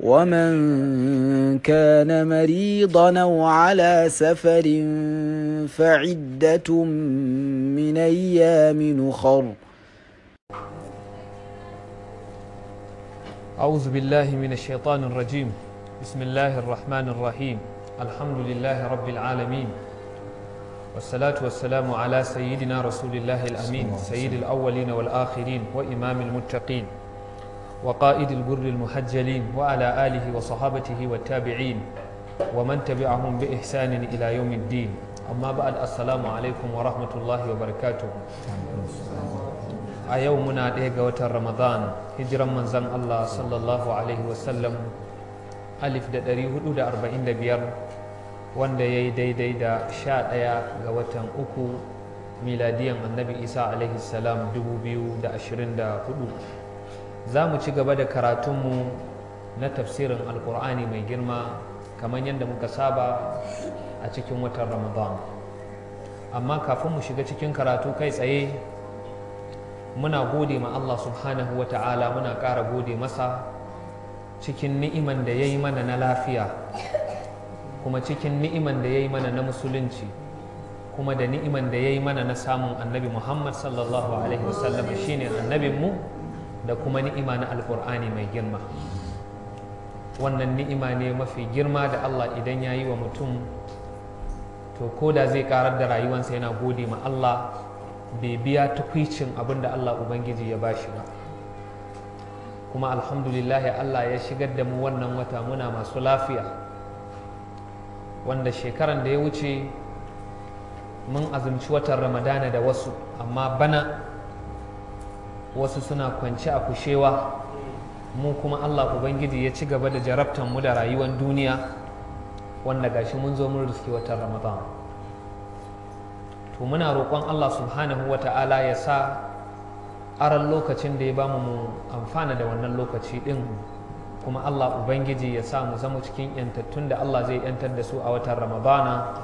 ومن كان مريضا او على سفر فعده من ايام اخر اعوذ بالله من الشيطان الرجيم بسم الله الرحمن الرحيم الحمد لله رب العالمين والصلاة والسلام على سيدنا رسول الله الأمين سيد الأولين والآخرين وإمام المتقين وقائد البر المحجلين وعلى آله وصحابته والتابعين ومن تبعهم بإحسان إلى يوم الدين أما بعد السلام عليكم ورحمة الله وبركاته a yau muna ɗaya ga watan ramadan hijiran manzan allah sallallahu alaihi wasallam alif da ɗari da da biyar wanda ya yi daidai da sha ɗaya ga watan uku miladiyan annabi isa alaihi salam za mu ci gaba da karatunmu na tafsirin alkur'ani mai girma kamar yadda muka saba a cikin watan ramadan amma kafin mu shiga cikin karatu kai tsaye muna gode ma allah subhanahu wa ta'ala muna ƙara gode masa cikin ni'iman da ya yi mana na lafiya kuma cikin ni'iman da ya yi mana na musulunci kuma da ni'iman da ya yi mana na samun annabi muhammad sallallahu alaihi wasallam shine annabinmu da kuma ni'ima na alkur'ani mai girma wannan ni'ima ne mafi girma da allah idan ya yi wa mutum to ko da zai karar da rayuwansa yana gode ma allah bai biya tukwicin abin da allah ubangiji ya ba shi ba kuma alhamdulillahi allah ya shigar da mu wannan wata muna masu lafiya wanda shekaran da ya wuce mun azumci watan ramadana da wasu amma bana wasu suna kwance a kushewa mu kuma Allah Ubangiji ya ci gaba da jarabtar mu da rayuwar duniya wanda gashi mun zo mun riski watan Ramadan to muna roƙon Allah subhanahu wa ta'ala ya sa aran lokacin da ya ba mu amfana da wannan lokaci ɗin kuma Allah Ubangiji ya sa mu zama cikin yantattun da Allah zai yantar da su a watan Ramadana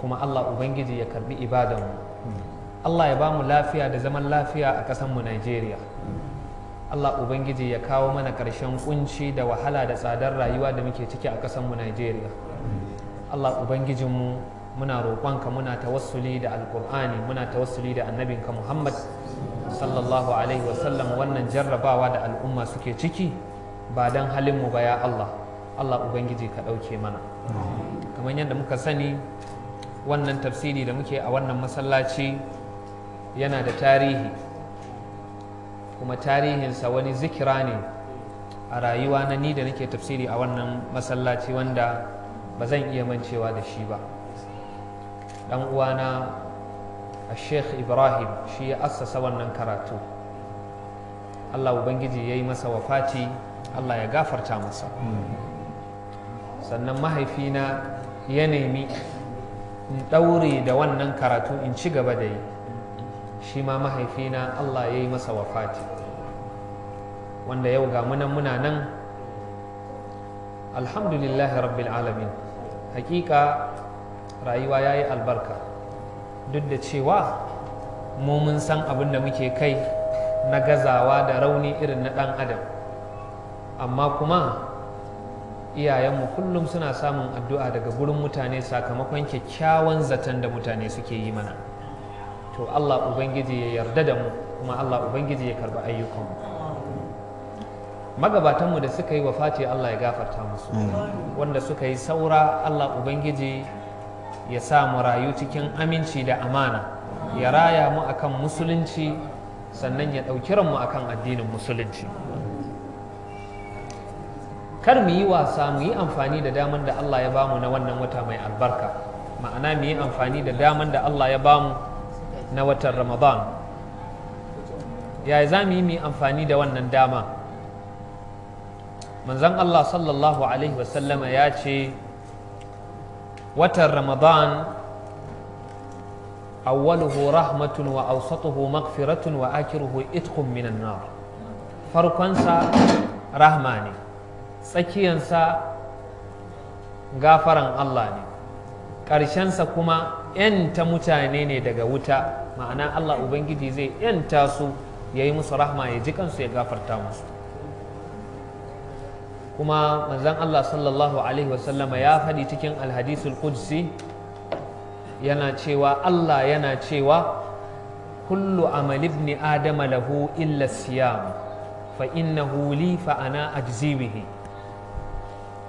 kuma Allah Ubangiji ya karbi ibadanmu Allah ya ba mu lafiya da zaman lafiya a ƙasanmu Najeriya. Allah Ubangiji ya kawo mana ƙarshen kunci da wahala da tsadar rayuwa da muke ciki a ƙasanmu Najeriya. Allah Ubangijinmu muna roƙonka muna tawassuli da alƙur'ani muna tawassuli da annabinka Muhammad sallallahu alaihi wasallam wannan jarrabawa da al'umma suke ciki ba don halinmu ba ya Allah. Allah Ubangiji ka ɗauke mana. Kamar yadda muka sani wannan tafsiri da muke a wannan masallaci yana da tarihi kuma tarihinsa wani zikira ne a rayuwa na ni da nake tafsiri a wannan masallaci wanda ba zan iya mancewa da shi ba dan uwana a sheikh ibrahim shi ya assasa wannan karatu allah ubangiji ya yi masa wafati allah ya gafarta masa sannan mahaifina ya nemi in ɗaure da wannan karatu in ci gaba da yi shi ma mahaifina Allah ya yi masa wafati wanda yau ga munan muna nan alhamdulillah rabbil alamin hakika rayuwa ya yi albarka duk da cewa mu mun san abin da muke kai na gazawa da rauni irin na ɗan adam amma kuma iyayenmu kullum suna samun addu'a daga gurin mutane sakamakon kyakkyawan zaton da mutane suke yi mana to Allah ubangiji ya yarda da mu kuma Allah ubangiji ya karba ayyukanmu magabatanmu da suka yi wa Fati Allah ya gafarta musu wanda suka yi saura Allah ubangiji ya sa mu rayu cikin aminci da amana ya raya mu akan musulunci sannan ya ɗauki ranmu akan addinin musulunci kar mu yi wasa mu yi amfani da daman da Allah ya bamu na wannan wata mai albarka ma'ana mu yi amfani da daman da Allah ya bamu na watan ramadan Yaya za mu yi amfani da wannan dama manzon allah sallallahu alaihi wasallama ya ce watan ramadan awwaluhu rahmatun wa awsatuhu maghfiratun wa akiruhu itqun minan farkonsa rahma ne tsakiyansa gafaran allah ne ƙarshensa kuma yanta mutane ne daga wuta ma'ana Allah Ubangiji zai yanta su ya yi musu rahma ya ji kansu ya gafarta musu kuma manzan Allah sallallahu alaihi wasallama ya faɗi cikin alhadisul qudsi yana cewa Allah yana cewa kullu amal ibni adama lahu illa siyam fa innahu li fa ana ajzi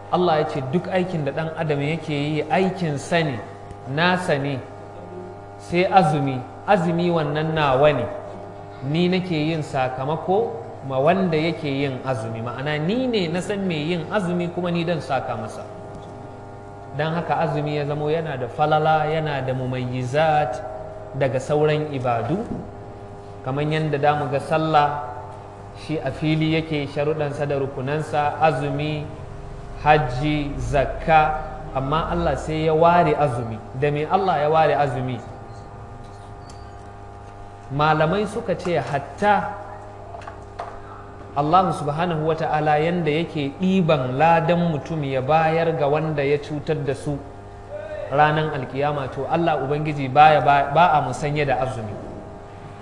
Allah ya ce duk aikin da ɗan adam yake yi aikin sani nasa ne sai azumi azumi wannan nawa ne ni nake yin sakamako ma wanda yake yin azumi ma'ana ni ne na san mai yin azumi kuma ni dan saka masa don haka azumi ya zamo yana da falala yana da mumayyizat daga sauran ibadu kamar yadda damu ga sallah shi a fili yake sharuɗansa da rukunansa azumi hajji zakka amma Allah sai ya ware azumi da me Allah ya ware azumi malamai suka ce hatta Allah subhanahu wa ta'ala yanda yake ɗiban ladan mutum ya bayar ga wanda ya cutar da su ranar alkiyama to Allah Ubangiji ba a musanye da azumi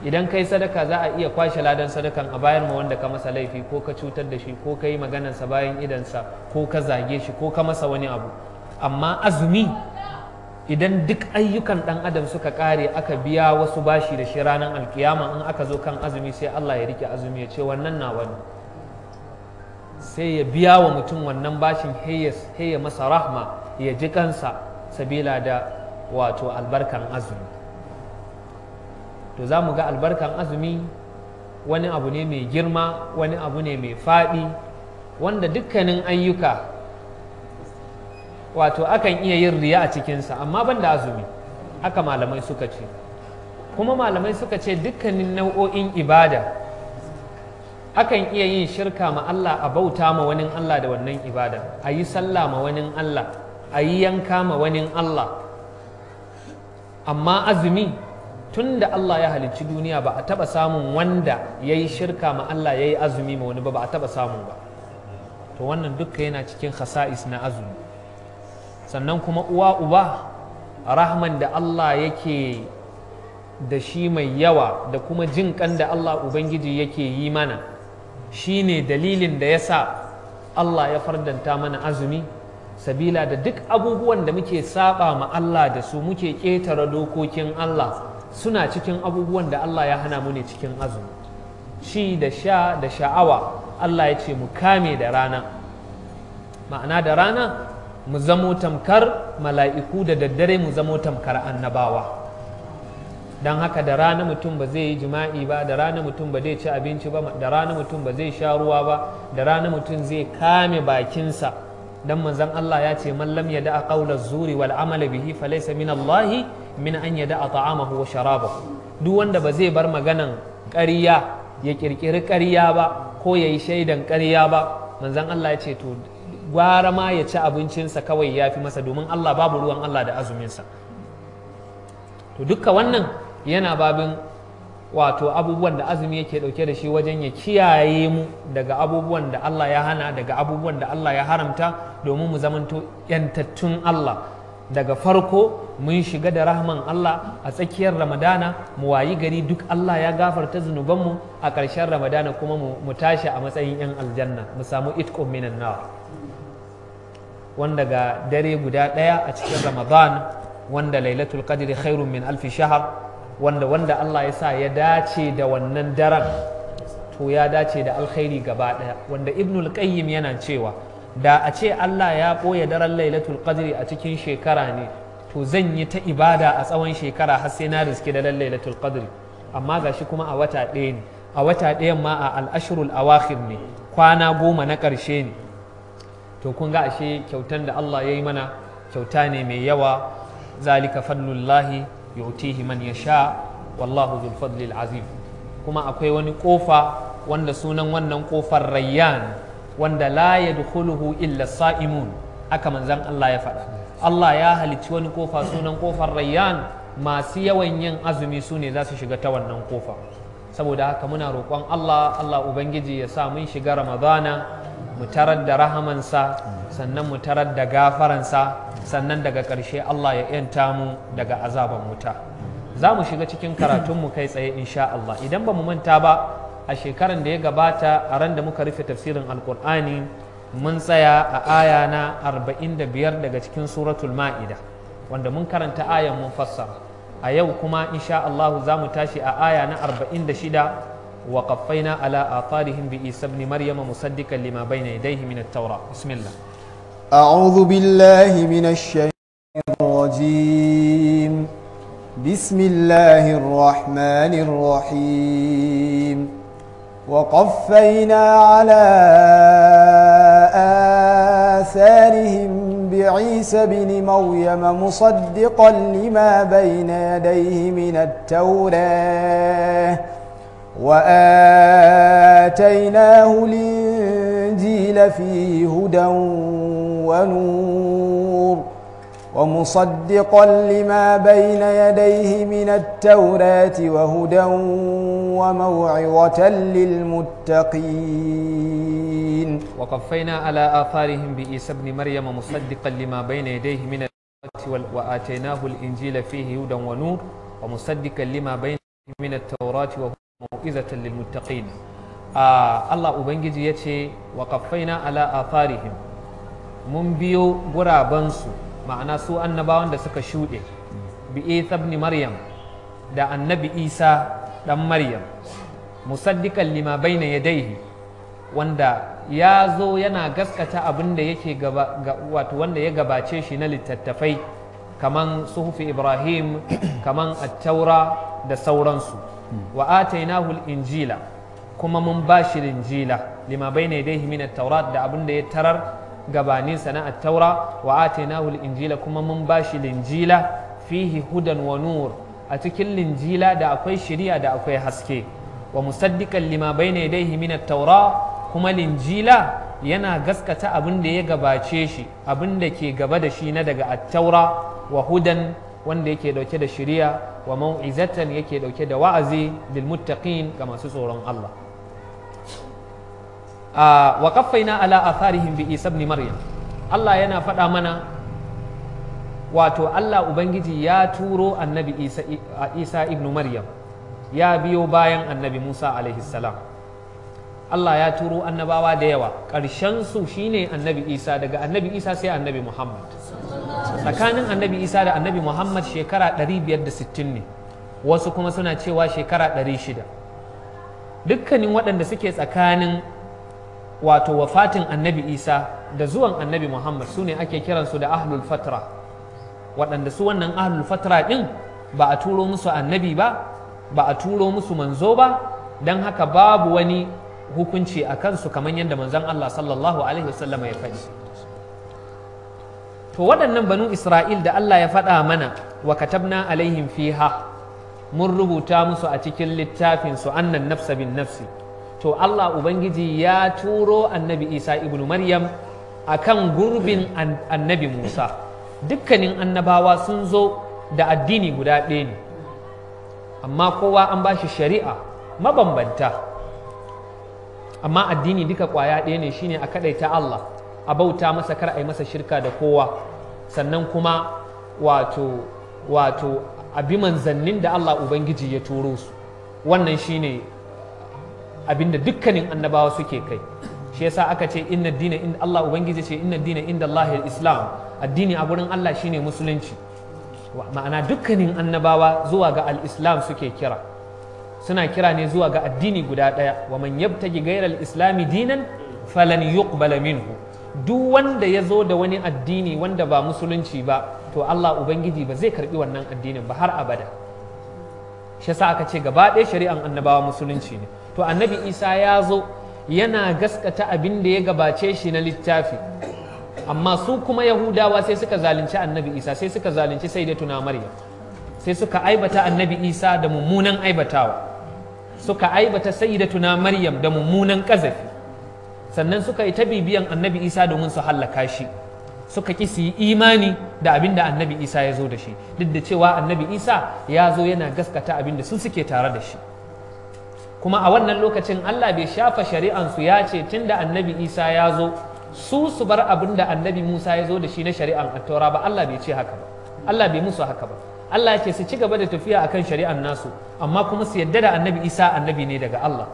idan kai sadaka za a iya kwashe ladan sadakan a bayar ma wanda ka masa laifi ko ka cutar da shi ko ka yi maganarsa bayan idansa ko ka zage shi ko ka masa wani abu amma azumi idan duk ayyukan ɗan adam suka kare aka biya wasu bashi da shi ranar alkiyama in aka zo kan azumi sai Allah ya rike azumi ya ce wannan na wani sai ya biya wa mutum wannan bashin heya masa rahma ya ji kansa sabila da wato albarkan azumi to za mu ga albarkan azumi wani abu ne mai girma wani abu ne mai faɗi wanda dukkanin ayyuka wato akan iya yin riya a cikinsa amma ban da azumi haka malamai suka ce kuma malamai suka ce dukkanin nau'o'in ibada akan iya yin shirka ma Allah a bauta ma wani Allah da wannan ibada a yi sallah ma wani Allah a yi yanka ma wani Allah amma azumi tun da Allah ya halicci duniya ba a taɓa samun wanda ya yi shirka ma Allah ya yi azumi ma wani ba ba a taɓa samu ba to wannan dukka yana cikin khasa'is na azumi sannan kuma uwa uba rahman da Allah yake da shi mai yawa da kuma jin kan da Allah Ubangiji yake yi mana shi ne dalilin da ya sa Allah ya fardanta mana azumi sabila da duk abubuwan da muke saba ma Allah da su muke ƙetare dokokin Allah suna cikin abubuwan da Allah ya hana mu ne cikin azumi ci da sha da sha'awa Allah ya ce mu kame da rana ma'ana da rana mu zamo tamkar mala'iku da daddare mu zamo tamkar annabawa don haka da rana mutum ba zai yi jima'i ba da rana mutum ba zai ci abinci ba da rana mutum ba zai sha ruwa ba da rana mutum zai kame bakinsa dan manzan Allah ya ce mallam ya yada qawla zuri wal amala bihi falaysa min Allah min an da'a ta'amahu wa sharabahu duk wanda ba zai bar maganan ƙarya ya ƙirƙiri ƙarya ba ko ya yi shaidan ƙarya ba manzon Allah ya ce to gwara ma ya ci abincinsa kawai ya fi masa domin Allah babu ruwan Allah da azuminsa to duka wannan yana babin wato abubuwan da azumi yake dauke da shi wajen ya kiyaye mu daga abubuwan da Allah ya hana daga abubuwan da Allah ya haramta domin mu zamanto yantattun Allah daga farko mun shiga da rahman Allah a tsakiyar ramadana mu wayi gari duk Allah ya gafarta zunubanmu a ƙarshen ramadana kuma mu tashi a matsayin 'yan aljanna mu samu itkun minan nawa wanda ga dare guda ɗaya a cikin ramadan wanda lailatul qadri khairun min alfi shahar wanda wanda Allah ya sa ya dace da wannan daren to ya dace da alkhairi gaba ɗaya wanda ibnul qayyim yana cewa da a ce Allah ya ɓoye daren lailatul qadri a cikin shekara ne to zan yi ta ibada a tsawon shekara har sai na riske da lailatul qadri amma gashi kuma a wata ɗaya ne a wata ɗayan ma a al'ashirul awakhir ne kwana goma na ƙarshe ne to kun ga ashe kyautan da Allah ya yi mana kyauta ne mai yawa zalika fadlullahi yutihi man yasha wallahu dhul fadlil azim kuma akwai wani kofa wanda sunan wannan kofar rayyan wanda la yadkhuluhu illa sa'imun aka manzan Allah ya faɗa Allah ya halicci wani kofa sunan kofar rayyan masu yawan yin azumi su ne za su shiga ta wannan kofa saboda haka muna roƙon Allah Allah ubangiji ya sa mun shiga ramadana mu tarar da rahamansa sannan mu tarar da gafaransa sannan daga ƙarshe Allah ya yanta mu daga azaban wuta za mu shiga cikin karatunmu kai tsaye insha Allah idan ba mu manta ba a shekaran da ya gabata a ran da muka rufe tafsirin alkur'ani mun tsaya a aya na 45 daga cikin suratul ma'ida wanda mun karanta ayan mun fassara a yau kuma insha Allah za mu tashi a aya na 46 وقفينا على آثارهم بإيسى بن مريم مصدقا لما بين يديه من التوراة بسم الله أعوذ بالله من الشيطان الرجيم بسم الله الرحمن الرحيم وقفينا على آثارهم بعيسى بن مريم مصدقا لما بين يديه من التوراه وآتيناه الإنجيل فيه هدى ونور ومصدقا لما بين يديه من التوراة وهدى وموعظة للمتقين وقفينا على آثارهم بإيسى بن مريم مصدقا لما بين يديه من التوراة وآتيناه الإنجيل فيه هدى ونور ومصدقا لما بين من التوراة وهدى mu'izatan lil muttaqin Allah ubangiji ya ce wa qaffaina ala atharihim mun biyo gurabansu ma'ana su annabawan da suka shuɗe bi isa ibn maryam da annabi isa dan maryam musaddiqan lima bayna yadayhi wanda ya zo yana gaskata abin da yake gaba wato wanda ya gabace shi na littattafai kaman suhufi ibrahim kaman attaura da sauransu wa atainahu injila kuma mun bashi Linjila. lima bayna yadayhi min at-taurat da abin da ya tarar gabanin sana at-taura wa atainahu injila kuma mun bashi Linjila. fihi hudan wa nur a cikin linjila da akwai shiriya da akwai haske wa musaddiqan lima ne yadayhi min at-taura kuma linjila yana gaskata abin da ya gabace shi abin da ke gaba da shi na daga attaura wa hudan wanda yake dauke da shiriya wa mau'izatan yake dauke da wa'azi lil muttaqin ga masu tsoron Allah wa qaffaina ala atharihim bi isa ibn maryam Allah yana faɗa mana wato Allah ubangiji ya turo annabi Isa ibn maryam ya biyo bayan annabi Musa alaihi salam Allah ya turo annabawa da yawa Karshen su shine annabi Isa daga annabi Isa sai annabi Muhammad tsakanin annabi Isa da annabi Muhammad shekara 560 ne wasu kuma suna cewa shekara 600 dukkanin waɗanda suke tsakanin wato wafatin annabi Isa da zuwan annabi Muhammad su ne ake kiransu da ahlul fatra waɗanda su wannan ahlul fatra ɗin ba a turo musu annabi ba ba a turo musu manzo ba don haka babu wani hukunci a kansu kamar yadda manzon Allah sallallahu alaihi wasallama ya faɗi to waɗannan banu Isra'il da Allah ya faɗa mana wa katabna alaihim fiha mun rubuta musu a cikin littafinsu su annan nafsa bin nafsi to Allah ubangiji ya turo annabi Isa ibnu Maryam akan gurbin annabi Musa dukkanin annabawa sun zo da addini guda ɗaya ne amma kowa an ba shi shari'a mabambanta amma addini duka kwaya ɗaya ne shine a kaɗaita Allah a bauta masa kar a yi masa shirka da kowa sannan kuma wato wato abi manzannin da Allah Ubangiji ya turo su wannan shine abinda dukkanin annabawa suke kai shi yasa aka ce inna dina inda Allah Ubangiji ce inna dina inda Allah islam addini a gurin Allah shine musulunci ma'ana dukkanin annabawa zuwa ga al-islam suke kira suna kira ne zuwa ga addini guda ɗaya wa man yabtaji gairal islami dinan falan yuqbala minhu duk wanda ya zo da wani addini wanda ba musulunci ba to Allah ubangiji ba zai karbi wannan addinin ba har abada shi yasa aka ce gaba ɗaya shari'an annabawa musulunci ne to annabi Isa ya zo yana gaskata abin da ya gabace shi na littafi amma su kuma yahudawa sai suka zalunci annabi isa sai suka zalunci sai da tuna maryam sai suka aibata annabi isa da mummunan aibatawa suka aibata sayyidatuna maryam da mummunan kazafi sannan suka yi ta bibiyan annabi isa domin su hallaka shi suka ki su yi imani da abin da annabi isa ya zo da shi duk da cewa annabi isa ya zo yana gaskata abin da su suke tare da shi kuma a wannan lokacin allah bai shafa shari'ansu ya ce tun da annabi isa ya zo su su bar abin da annabi musa ya zo da shi na shari'an attaura ba allah bai ce haka ba allah bai musu haka ba Allah ya ce su ci gaba da tafiya akan shari'ar nasu amma kuma su yadda da annabi Isa annabi ne daga Allah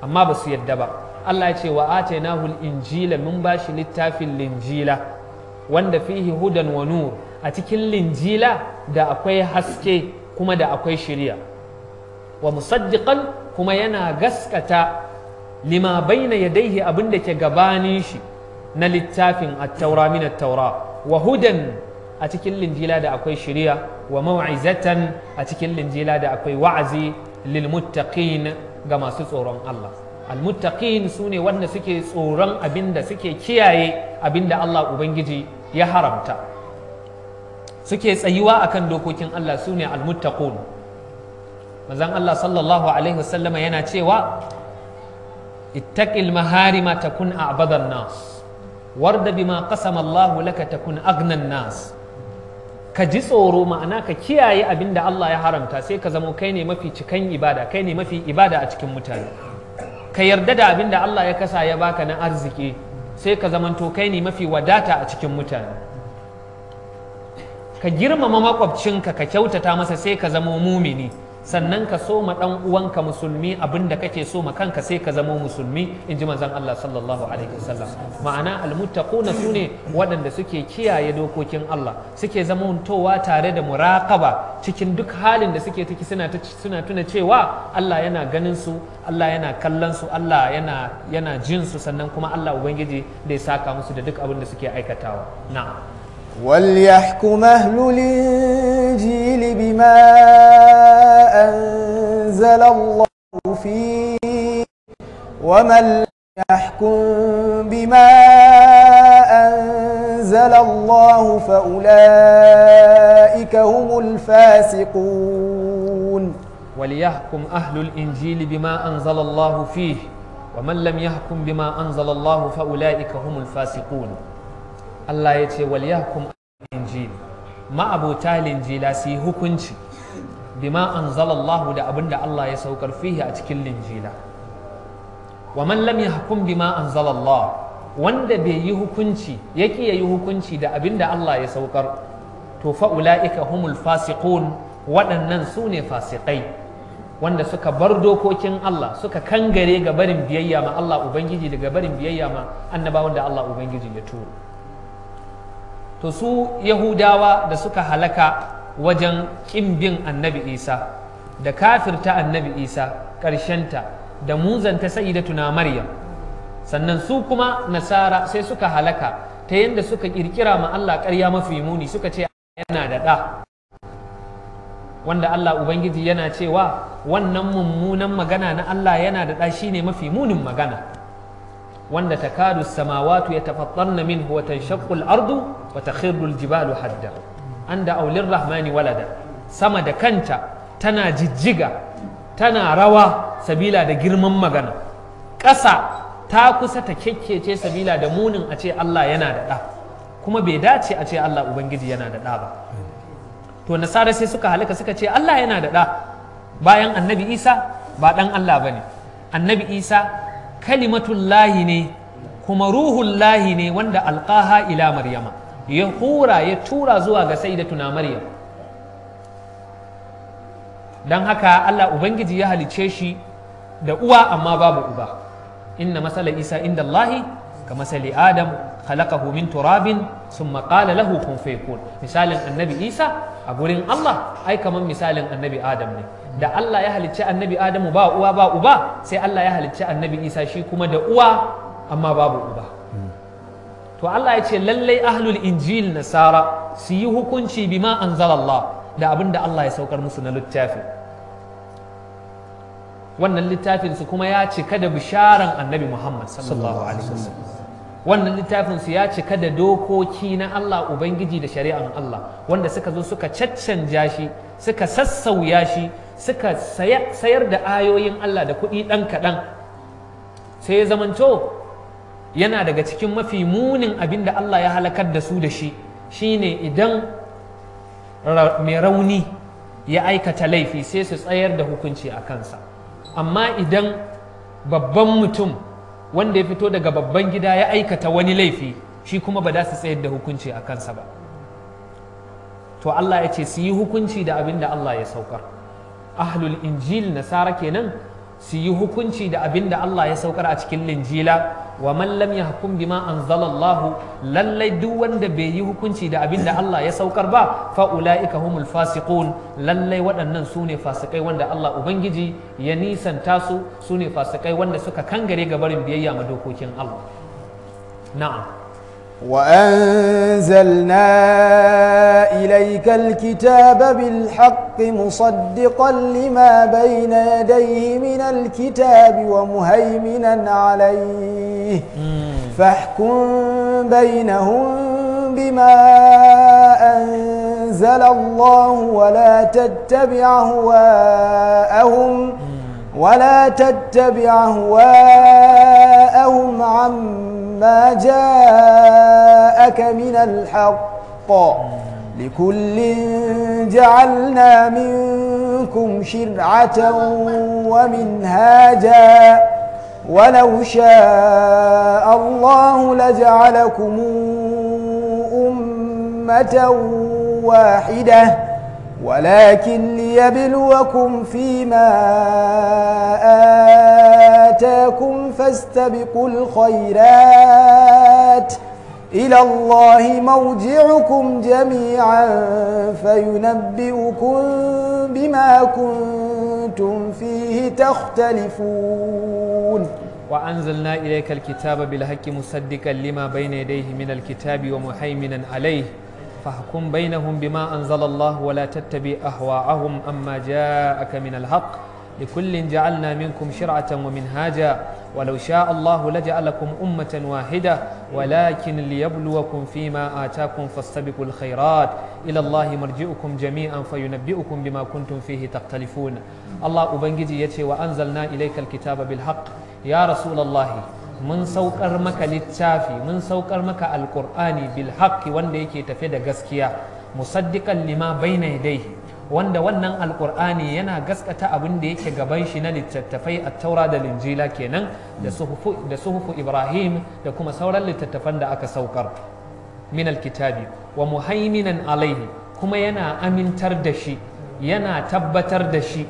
amma ba su yadda ba Allah ya ce wa atainahul injila mun bashi littafin linjila wanda fihi hudan wa nur a cikin linjila da akwai haske kuma da akwai shirya wa musaddiqan kuma yana gaskata lima baina yadaihi abin da ke gabanin shi na littafin at-taura min at-taura wa hudan a cikin linjila da akwai shiriya wa mau'izatan a cikin linjila da akwai wa'azi lil muttaqin ga masu tsoron Allah al muttaqin sune wanda suke tsoron abinda suke kiyaye abinda Allah ubangiji ya haramta suke tsayuwa akan dokokin Allah sune al muttaqun manzon Allah sallallahu alaihi wasallama yana cewa ittaqil maharima takun a'badan nas warda bima qasama Allah laka takun agnan nas ka ji tsoro ma'ana ka kiyaye abin da Allah ya haramta sai ka zamo kai ne mafi cikan ibada kai ne mafi ibada a cikin mutane ka yarda da abin da Allah ya kasa ya baka na arziki sai ka zamanto kai ne mafi wadata a cikin mutane ka girmama makwabcinka ka kyautata masa sai ka zamo mumini sannan ka so ma dan uwanka musulmi abin da kake so ma kanka sai ka zama musulmi in ji manzon Allah sallallahu alaihi wasallam ma'ana almuttaquna sune waɗanda suke kiyaye dokokin Allah suke zamantowa tare da muraqaba cikin duk halin da suke ciki suna suna tuna cewa Allah yana ganin su Allah yana kallon su Allah yana yana jin su sannan kuma Allah ubangiji zai saka musu da duk abin da suke aikatawa na'am وليحكم أهل الإنجيل بما أنزل الله فيه ومن يحكم بما أنزل الله فأولئك هم الفاسقون وليحكم أهل الإنجيل بما أنزل الله فيه ومن لم يحكم بما أنزل الله فأولئك هم الفاسقون Allah ya ce wal yahkum injil ma abuta linjila su yi hukunci bima anzalallahu da abin da Allah ya saukar fihi a cikin linjila wa man lam yahkum bima zalallah wanda bai yi hukunci ya ya yi hukunci da abin da Allah ya saukar to fa'ula'ika humul fasiqun waɗannan su ne fasikai wanda suka bar dokokin Allah suka kangare ga barin biyayya ma Allah Ubangiji daga barin biyayya ma annabawan da Allah Ubangiji ya turo to su yahudawa da suka halaka wajen ƙin annabi isa da kafirta annabi isa ƙarshenta da muzanta da tuna maryam sannan su kuma nasara sai suka halaka ta yadda suka ƙirƙira ma allah ƙarya mafi muni suka ce yana da ɗa wanda allah ubangiji yana cewa wannan mummunan magana na allah yana da ɗa shine mafi munin magana wanda takadu samawatu yatafattarna minhu wa tanshaqqu al-ardu wa takhiru al-jibalu hadda anda aulin rahmani walada sama da kanta tana jijjiga tana rawa sabila da girman magana ƙasa ta kusa ta kyakkece sabila da munin a ce Allah yana da ɗa kuma bai dace a ce Allah Ubangiji yana da ɗa ba to nasara sai suka halaka suka ce Allah yana da ɗa bayan annabi Isa ba ɗan Allah ba ne annabi Isa kalimatullahi ne kuma ruhun lahi ne wanda alƙaha ila maryama ya hura ya tura zuwa ga sayyidatuna maryam don haka Allah ubangiji ya halice shi da uwa amma babu uba inna masala isa inda lahi ka masali adam khalaqahu min turabin summa maƙala lahu kun fayakun misalin annabi isa a gurin Allah ai kaman misalin annabi adam ne da Allah ya halicci annabi Adamu ba uwa ba uba sai Allah ya halicci annabi Isa shi kuma da uwa amma babu uba to Allah ya ce lallai ahlul injil nasara su yi hukunci bima anzalallah da abin da Allah ya saukar musu na littafi wannan littafin su kuma ya cika da bisharan annabi Muhammad sallallahu alaihi wasallam wannan littafin su ya cika da dokoki na Allah ubangiji da shari'an Allah wanda suka zo suka caccanja shi suka sassauya shi suka sayar da ayoyin Allah da kuɗi ɗan kaɗan sai ya zamanto yana daga cikin mafi munin abin da Allah ya halakar da su da shi shine idan mai rauni ya aikata laifi sai su tsayar da hukunci a kansa amma idan babban mutum wanda ya fito daga babban gida ya aikata wani laifi shi kuma ba za su tsayar da hukunci a kansa ba to Allah ya ce su yi hukunci da abin da Allah ya saukar ahlul injil nasara kenan su yi hukunci da abin da Allah ya saukar a cikin linjila wa man lam yahkum bima anzalallahu lallai duk wanda bai yi hukunci da abin da Allah ya saukar ba fa ulaika humul fasiqun lallai waɗannan su ne fasikai wanda Allah ubangiji ya nisanta su su ne fasikai wanda suka kangare ga barin biyayya ma dokokin Allah na'am وأنزلنا إليك الكتاب بالحق مصدقا لما بين يديه من الكتاب ومهيمنا عليه فاحكم بينهم بما أنزل الله ولا تتبع هواءهم ولا تتبع هواءهم عما ما جاءك من الحق لكل جعلنا منكم شرعة ومنهاجا ولو شاء الله لجعلكم أمة واحدة ولكن ليبلوكم فيما آتاكم آتاكم فاستبقوا الخيرات إلى الله مرجعكم جميعا فينبئكم بما كنتم فيه تختلفون وأنزلنا إليك الكتاب بالحق مصدقا لما بين يديه من الكتاب ومهيمنا عليه فاحكم بينهم بما أنزل الله ولا تتبع أهواءهم أما جاءك من الحق لكل جعلنا منكم شرعة ومنهاجا ولو شاء الله لجعلكم أمة واحدة ولكن ليبلوكم فيما آتاكم فاستبقوا الخيرات إلى الله مرجئكم جميعا فينبئكم بما كنتم فيه تختلفون الله أبنجي يتي وأنزلنا إليك الكتاب بالحق يا رسول الله mun saukar maka littafi mun saukar maka alkur'ani bil haqqi wanda yake tafe da gaskiya musaddiqan lima bayna yadayhi wanda wannan alkur'ani yana gaskata abin da yake gaban shi na littattafai a taura da linjila kenan da suhufu ibrahim da kuma sauran littattafan da aka saukar min alkitabi wa muhaiminan alaihi kuma yana amintar da shi yana tabbatar da shi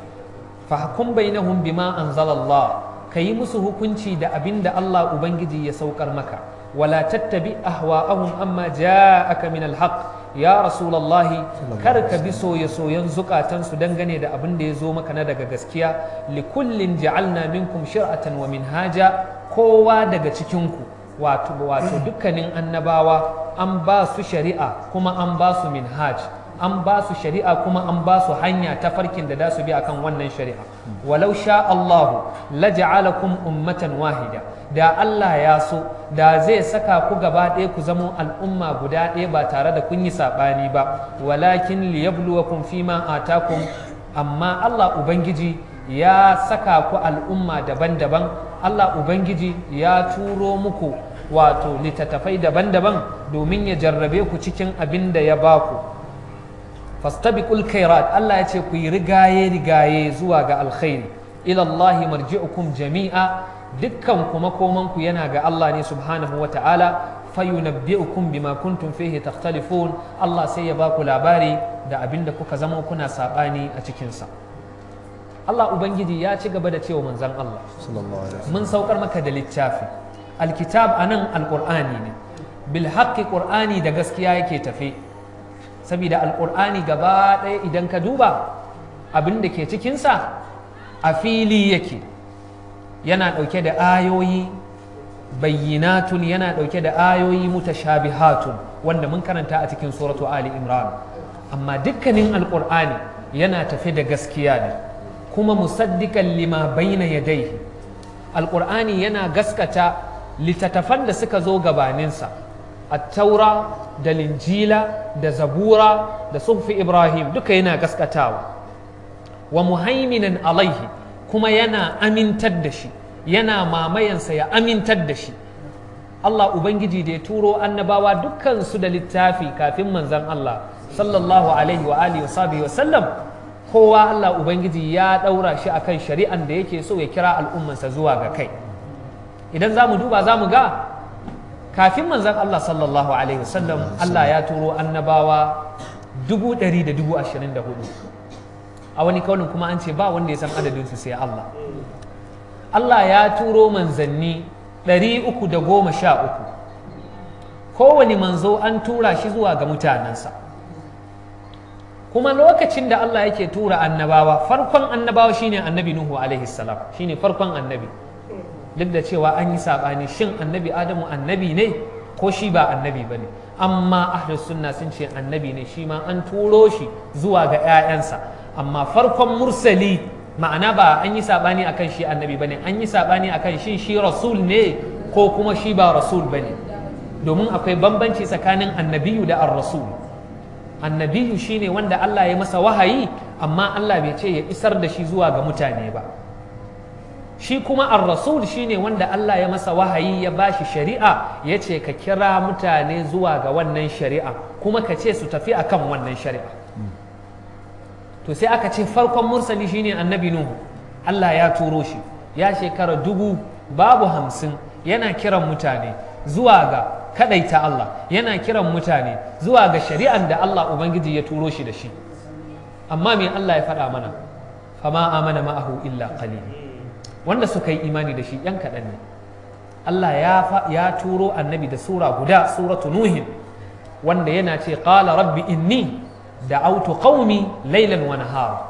fahkum bainahum bima anzalallah yi musu hukunci da abin da Allah ubangiji ya saukar maka wala tattabi ahwa'ahum amma ja'aka min alhaq ya rasulallahi kar ka bi soye-soyen zukatansu dangane da abin da ya zo maka na daga gaskiya likullin ja'alna minkum shir'atan wa minhaja kowa daga cikinku wato wato dukkanin annabawa an ba su shari'a kuma an ba su minhaj an ba su shari'a kuma an ba su hanya ta farkin da za su bi akan wannan shari'a walau sha Allahu laja'alakum ummatan wahida da Allah ya so da zai saka ku gaba ɗaya ku zamo al'umma guda ɗaya ba tare da kun yi saɓani ba walakin liyabluwakum fima atakum amma Allah ubangiji ya saka ku al'umma daban-daban Allah ubangiji ya turo muku wato littattafai daban-daban domin ya jarrabe ku cikin abin da ya ba ku fastabiqul khairat Allah ya ce ku yi rigaye rigaye zuwa ga alkhairi ila Allah marji'ukum jami'a dukkan kuma komanku yana ga Allah ne subhanahu wa ta'ala fayunabbi'ukum bima kuntum fihi takhtalifun Allah sai ya baku labari da abin da kuka zama kuna saɓani a cikinsa. Allah ubangiji ya ci gaba da cewa manzan Allah mun saukar maka da littafi alkitab anan Alƙur'ani ne bil haƙƙi ƙur'ani da gaskiya yake tafe saboda Alƙur'ani gaba ɗaya idan ka duba abin da ke cikin sa a fili yake yana ɗauke da ayoyi bayyinatun yana ɗauke da ayoyi mutashabihatun wanda mun karanta a cikin suratu ali imran amma dukkanin alƙur'ani yana tafe da gaskiya ne kuma musaddiƙan lima bayna yadaihi alƙur'ani yana gaskata littattafan da suka zo gabaninsa attaura da linjila da zabura da sufi ibrahim duka yana gaskatawa wa muhaiminan alaihi kuma yana amintar da shi yana mamayansa ya amintar da shi Allah Ubangiji da ya turo annabawa dukkansu da littafi kafin manzan Allah sallallahu alaihi wa alihi wa sallam kowa Allah Ubangiji ya ɗaura shi akan shari'an da yake so ya kira al'ummansa zuwa ga kai idan za mu duba za mu ga kafin manzan Allah sallallahu alaihi wa sallam Allah ya turo annabawa dubu ɗari da dubu ashirin da hudu a wani kaunin kuma an ce ba wanda ya san adadinsu sai Allah Allah ya turo manzanni ɗari uku da goma sha uku kowane manzo an tura shi zuwa ga mutanensa kuma lokacin da Allah yake tura annabawa farkon annabawa shine annabi Nuhu alaihi salam shine farkon annabi duk da cewa an yi saɓani shin annabi Adamu annabi ne ko shi ba annabi bane amma ahlus sunna sun ce annabi ne shi ma an turo shi zuwa ga 'ya'yansa amma farkon mursali ma'ana ba an yi saɓani a kan shi annabi ba ne an yi saɓani a kan shi shi rasul ne ko kuma shi ba rasul ba ne domin akwai bambanci tsakanin annabiyu da ar-rasul annabiyu shine wanda Allah ya masa wahayi amma Allah bai ce ya isar da shi zuwa ga mutane ba shi kuma arasul rasul shine wanda Allah ya masa wahayi ya ba shi shari'a ya ce ka kira mutane zuwa ga wannan shari'a kuma ka ce su tafi akan wannan shari'a to sai aka ce farkon mursali shine annabi nuhu Allah ya turo shi ya shekara dubu babu hamsin yana kiran mutane zuwa ga kadaita Allah yana kiran mutane zuwa ga shari'an da Allah ubangiji ya turo shi da shi amma me Allah ya faɗa mana fama amana ma'ahu illa qalil wanda suka yi imani da shi yan kaɗan ne Allah ya turo annabi da sura guda suratu nuhin wanda yana ce qala rabbi inni دعوت قومي ليلا ونهارا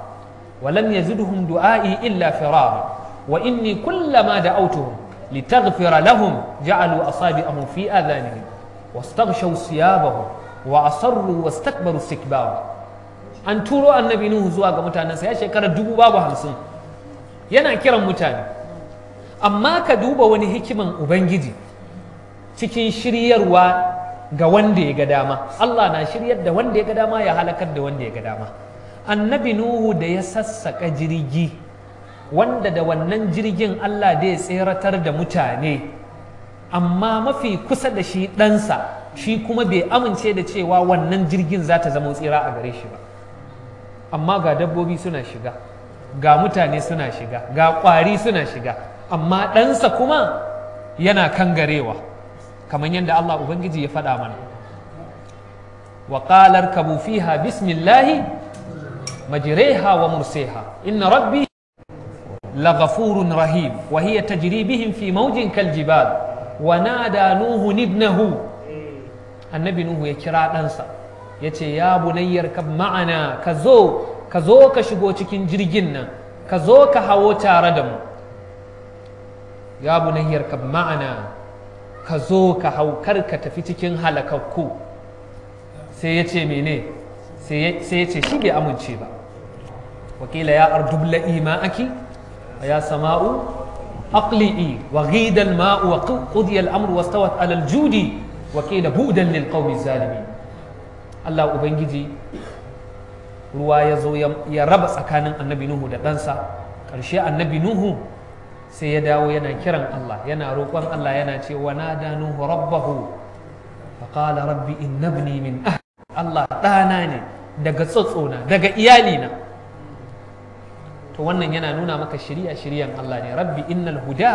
ولم يزدهم دعائي إلا فرارا وإني كلما دعوتهم لتغفر لهم جعلوا أصابعهم في آذانهم واستغشوا ثيابهم وأصروا واستكبروا استكبارا an turo annabi nuhu zuwa ga mutanensa ya shekarar dubu babu hamsin yana kiran mutane amma ka duba wani hikiman ubangiji cikin shiryarwa ga wanda ya ga dama Allah na shiryar da wanda ya ga dama ya halakar da wanda ya ga dama annabi nuhu da ya sassaka jirgi wanda da wannan jirgin Allah da ya tseratar da mutane amma mafi kusa da shi ɗansa shi kuma bai amince da cewa wannan jirgin za ta zama tsira a gare shi ba amma ga dabbobi suna shiga ga mutane suna shiga ga ƙwari suna shiga amma ɗansa kuma yana kangarewa kamar yadda Allah ubangiji ya faɗa mana wa kabufiha kabu fiha bismillahi majriha wa mursiha inna rabbi لغفور رهيب وهي تجري بهم في موج nuhu ونادى annabi nuhu ya kira ɗansa دانسا yace ya bunayyar ka ma'ana ka zo ka zo ka shigo cikin jirgin nan ka zo ka hawo tare da mu ya bunayyar ka ma'ana ka zo ka haukar ka tafi cikin halakakku sai ya ce mene sai ya ce shi bai amince ba wakila ya ardubla ima'aki wa ya sama'u aqli'i wa ghida mau wa qudiya al-amru wastawat ala al-judi wakila bu'dan lil qawmi Allah ubangiji ruwa ya zo ya raba tsakanin annabi Nuhu da ɗansa ƙarshe annabi Nuhu sai ya dawo yana kiran Allah yana roƙon Allah yana ce wa nada nuhu rabbahu fa rabbi innabni min Allah ɗana ne daga tsotsona daga iyalina to wannan yana nuna maka shirya shiryan Allah ne rabbi innal huda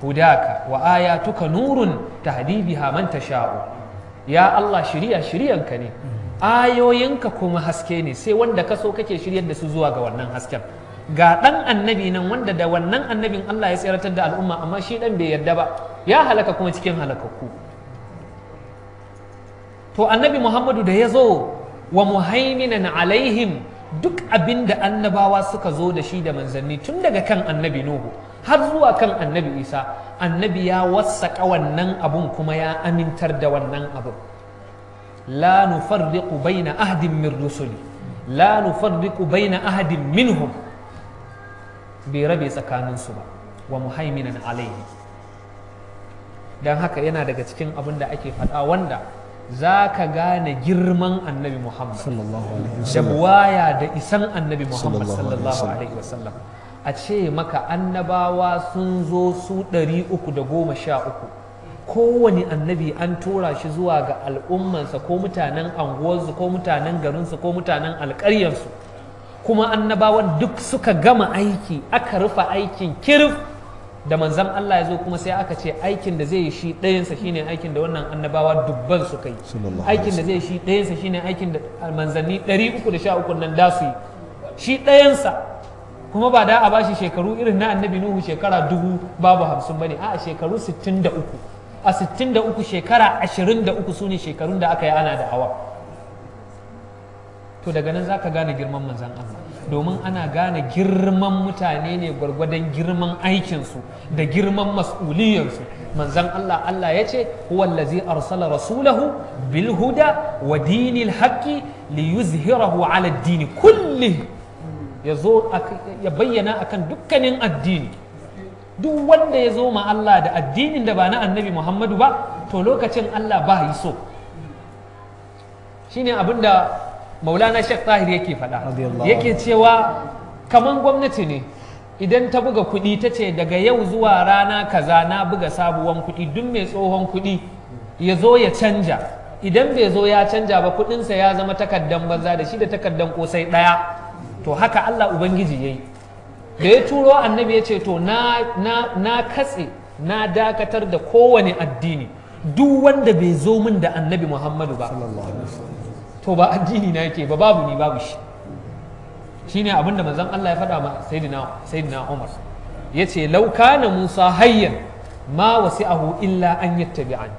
hudaka wa ayatuka nurun tahdi biha man tasha'u ya Allah shirya shiryanka ne ayoyinka kuma haske ne sai wanda ka so kake shiryar da su zuwa ga wannan hasken ga ɗan annabi nan wanda da wannan annabin Allah ya tseratar da al'umma amma shi ɗan bai yarda ba ya halaka kuma cikin halakakku to annabi muhammadu da ya zo wa muhaiminan alaihim duk abin da annabawa suka zo da shi da manzanni tun daga kan annabi nuhu har zuwa kan annabi isa annabi ya wasaƙa wannan abun kuma ya amintar da wannan abun la nufarriqu baina ahadin min rusuli la nufarriqu baina ahadin minhum bai rabe tsakaninsu ba wa muhaiminan alaihi don haka yana daga cikin abin da ake faɗa wanda za ka gane girman annabi muhammad da da isan annabi muhammad sallallahu alaihi wasallam a ce maka annabawa sun zo su ɗari uku da goma sha uku kowane annabi an tura shi zuwa ga al'ummansa ko mutanen anguwarsu ko mutanen garinsu ko mutanen alƙaryarsu kuma annabawan duk suka gama aiki aka rufe aikin kirif da manzan Allah ya zo kuma sai aka ce aikin da zai yi shi ɗayansa shine aikin da wannan annabawa dubban suka yi aikin da zai shi ɗayansa shine aikin da manzanni 313 nan da su yi shi ɗayansa kuma ba da a bashi shekaru irin na annabi nuhu shekara dubu babu hamsin bane a shekaru 63 a 63 shekara 23 su ne shekarun da aka yi ana da hawa to daga nan zaka gane girman manzan Allah domin ana gane girman mutane ne gwargwadon girman aikinsu da girman mas'uliyarsu manzan Allah Allah ya ce huwallazi arsala rasulahu bil huda wa dinil haqqi li yuzhirahu ala dini kulli ya zo ya bayyana akan dukkanin addini duk wanda ya zo ma Allah da addinin da ba na annabi Muhammadu ba to lokacin Allah ba yi so shine abinda maulana shek tahir yake faɗa yake cewa kaman gwamnati ne idan ta buga kuɗi ta ce daga yau zuwa rana kaza na buga sabuwan kuɗi duk mai tsohon kuɗi ya zo ya canja idan bai zo ya canja ba kuɗinsa ya zama takardan banza da shi da takardan kosai ɗaya to haka allah ubangiji ya yi da ya turo annabi ya ce to na katse na dakatar da kowane addini duk wanda bai zo min da annabi muhammadu ba to ba addini na yake ba babu ni babu shi shine abin da manzon Allah ya faɗa ma sayyidina sayyidina Umar yace law kana Musa hayyan ma wasi'ahu illa an yattabi'an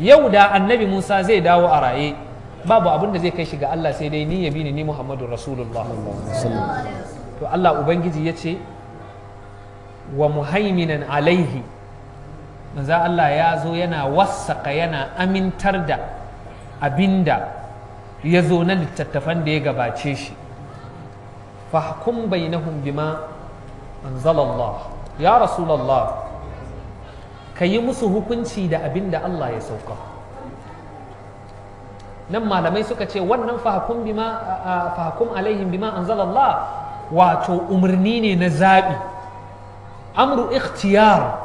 yau da annabi Musa zai dawo a raye babu abin da zai kai shi ga Allah sai dai ni ya bi ni Muhammadu Rasulullah to Allah ubangiji yace wa muhaiminan alaihi manzo Allah ya zo yana wassaka yana amintar da abinda ya zo na littattafan da ya gabace shi fahkum bainahum bima anzalallah ya rasulallah ka yi musu hukunci da abin da Allah ya sauka nan malamai suka ce wannan fahkum bima fahkum alaihim bima anzalallah wato umarni ne na zaɓi amru ikhtiyar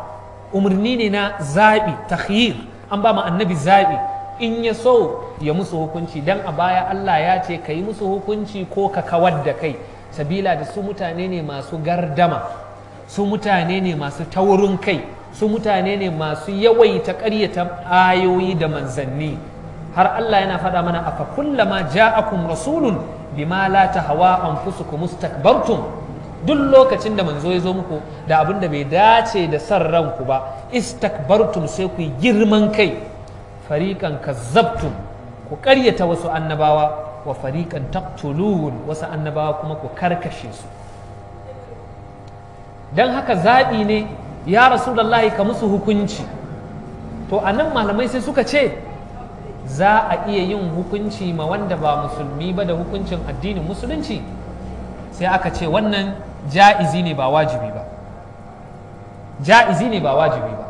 umarni ne na zaɓi takhir an ba ma annabi zaɓi in ya so ya musu hukunci dan a baya Allah ya ce ka yi musu hukunci ko ka kawar da kai sabila da su mutane ne masu gardama su mutane ne masu taurin kai su mutane ne masu yawaita ƙaryata ayoyi da manzanni har Allah yana faɗa mana a fakullama ja'akum rasulun bima la tahawa anfusukum mustakbartum duk lokacin da manzo ya zo muku da abin da bai dace da san ranku ba istakbartum sai ku girman kai fariƙan kazzabtum ku ƙaryata wasu annabawa wa fariƙan taqtulun wasu annabawa kuma ku karkashe su don haka zaɓi ne ya rasulullahi ka musu hukunci to a nan malamai sai suka ce za a iya yin hukunci ma wanda ba musulmi ba da hukuncin addinin musulunci sai aka ce wannan ja'izi ne ba wajibi ba ja'izi ne ba wajibi ba